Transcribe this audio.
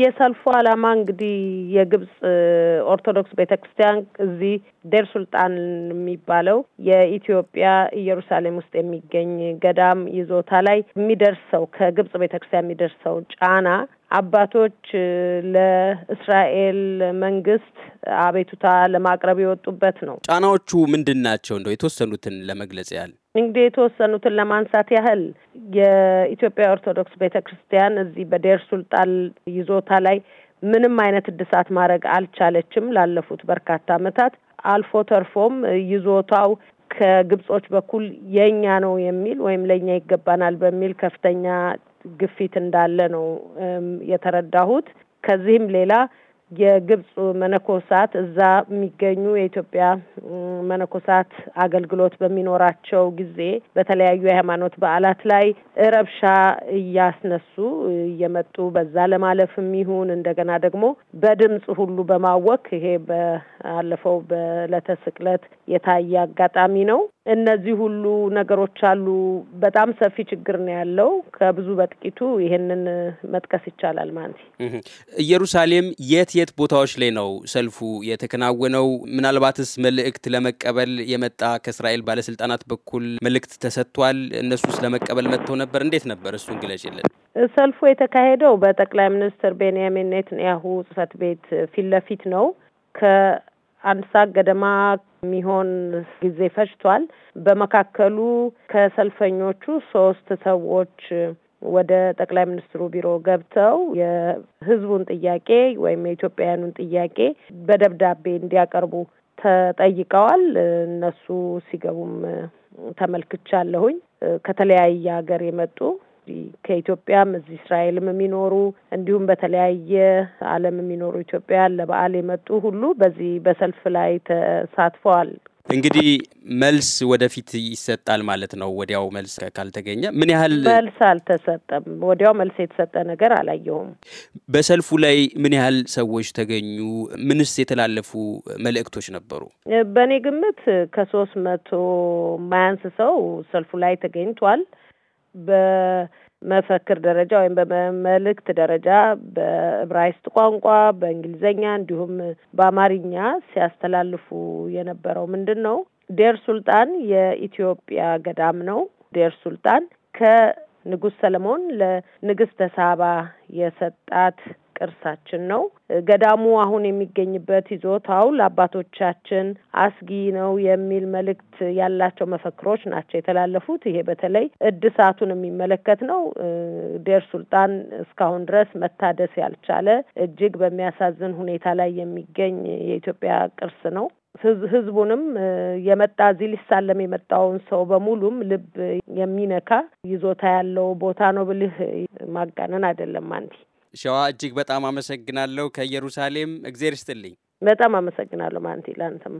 የሰልፉ ዓላማ እንግዲህ የግብጽ ኦርቶዶክስ ቤተ ክርስቲያን እዚህ ዴር ሱልጣን የሚባለው የኢትዮጵያ ኢየሩሳሌም ውስጥ የሚገኝ ገዳም ይዞታ ላይ የሚደርሰው ከግብጽ ቤተ ክርስቲያን የሚደርሰው ጫና አባቶች ለእስራኤል መንግስት አቤቱታ ለማቅረብ የወጡበት ነው። ጫናዎቹ ምንድን ናቸው? እንደው የተወሰኑትን ለመግለጽ ያህል እንግዲህ የተወሰኑትን ለማንሳት ያህል የኢትዮጵያ ኦርቶዶክስ ቤተ ክርስቲያን እዚህ በዴር ሱልጣን ይዞታ ላይ ምንም አይነት እድሳት ማድረግ አልቻለችም ላለፉት በርካታ ዓመታት። አልፎ ተርፎም ይዞታው ከግብጾች በኩል የእኛ ነው የሚል ወይም ለእኛ ይገባናል በሚል ከፍተኛ ግፊት እንዳለ ነው የተረዳሁት። ከዚህም ሌላ የግብጽ መነኮሳት እዛ የሚገኙ የኢትዮጵያ መነኮሳት አገልግሎት በሚኖራቸው ጊዜ በተለያዩ የሃይማኖት በዓላት ላይ ረብሻ እያስነሱ እየመጡ በዛ ለማለፍም ይሁን እንደገና ደግሞ በድምጽ ሁሉ በማወክ ይሄ በአለፈው በዕለተ ስቅለት የታየ አጋጣሚ ነው። እነዚህ ሁሉ ነገሮች አሉ። በጣም ሰፊ ችግር ነው ያለው። ከብዙ በጥቂቱ ይሄንን መጥቀስ ይቻላል። ማለት ኢየሩሳሌም የት የት ቦታዎች ላይ ነው ሰልፉ የተከናወነው? ምናልባትስ መልእክት ለመቀበል የመጣ ከእስራኤል ባለስልጣናት በኩል መልእክት ተሰጥቷል? እነሱስ ለመቀበል መጥተው ነበር? እንዴት ነበር? እሱን ግለጭልን። ሰልፉ የተካሄደው በጠቅላይ ሚኒስትር ቤንያሚን ኔትንያሁ ጽህፈት ቤት ፊት ለፊት ነው። አንድ ሰዓት ገደማ የሚሆን ጊዜ ፈጅቷል። በመካከሉ ከሰልፈኞቹ ሶስት ሰዎች ወደ ጠቅላይ ሚኒስትሩ ቢሮ ገብተው የህዝቡን ጥያቄ ወይም የኢትዮጵያውያኑን ጥያቄ በደብዳቤ እንዲያቀርቡ ተጠይቀዋል። እነሱ ሲገቡም ተመልክቻለሁኝ። ከተለያየ ሀገር የመጡ ከኢትዮጵያም እዚህ እስራኤልም የሚኖሩ እንዲሁም በተለያየ ዓለም የሚኖሩ ኢትዮጵያውያን ለበዓል የመጡ ሁሉ በዚህ በሰልፍ ላይ ተሳትፈዋል። እንግዲህ መልስ ወደፊት ይሰጣል ማለት ነው። ወዲያው መልስ ካልተገኘ ምን ያህል መልስ አልተሰጠም። ወዲያው መልስ የተሰጠ ነገር አላየሁም። በሰልፉ ላይ ምን ያህል ሰዎች ተገኙ? ምንስ የተላለፉ መልእክቶች ነበሩ? በእኔ ግምት ከሶስት መቶ ማያንስ ሰው ሰልፉ ላይ ተገኝቷል። በመፈክር ደረጃ ወይም በመልእክት ደረጃ በዕብራይስጥ ቋንቋ፣ በእንግሊዝኛ እንዲሁም በአማርኛ ሲያስተላልፉ የነበረው ምንድን ነው? ዴር ሱልጣን የኢትዮጵያ ገዳም ነው። ዴር ሱልጣን ከንጉስ ሰለሞን ለንግስተ ሳባ የሰጣት ቅርሳችን ነው። ገዳሙ አሁን የሚገኝበት ይዞታው ለአባቶቻችን አስጊ ነው የሚል መልእክት ያላቸው መፈክሮች ናቸው የተላለፉት። ይሄ በተለይ እድሳቱን የሚመለከት ነው። ዴር ሱልጣን እስካሁን ድረስ መታደስ ያልቻለ እጅግ በሚያሳዝን ሁኔታ ላይ የሚገኝ የኢትዮጵያ ቅርስ ነው። ህዝቡንም የመጣ እዚህ ሊሳለም የመጣውን ሰው በሙሉም ልብ የሚነካ ይዞታ ያለው ቦታ ነው ብልህ ማጋነን አይደለም አንዲ ሸዋ እጅግ በጣም አመሰግናለሁ። ከኢየሩሳሌም እግዜር ይስጥልኝ። በጣም አመሰግናለሁ ማንቲ፣ ለአንተም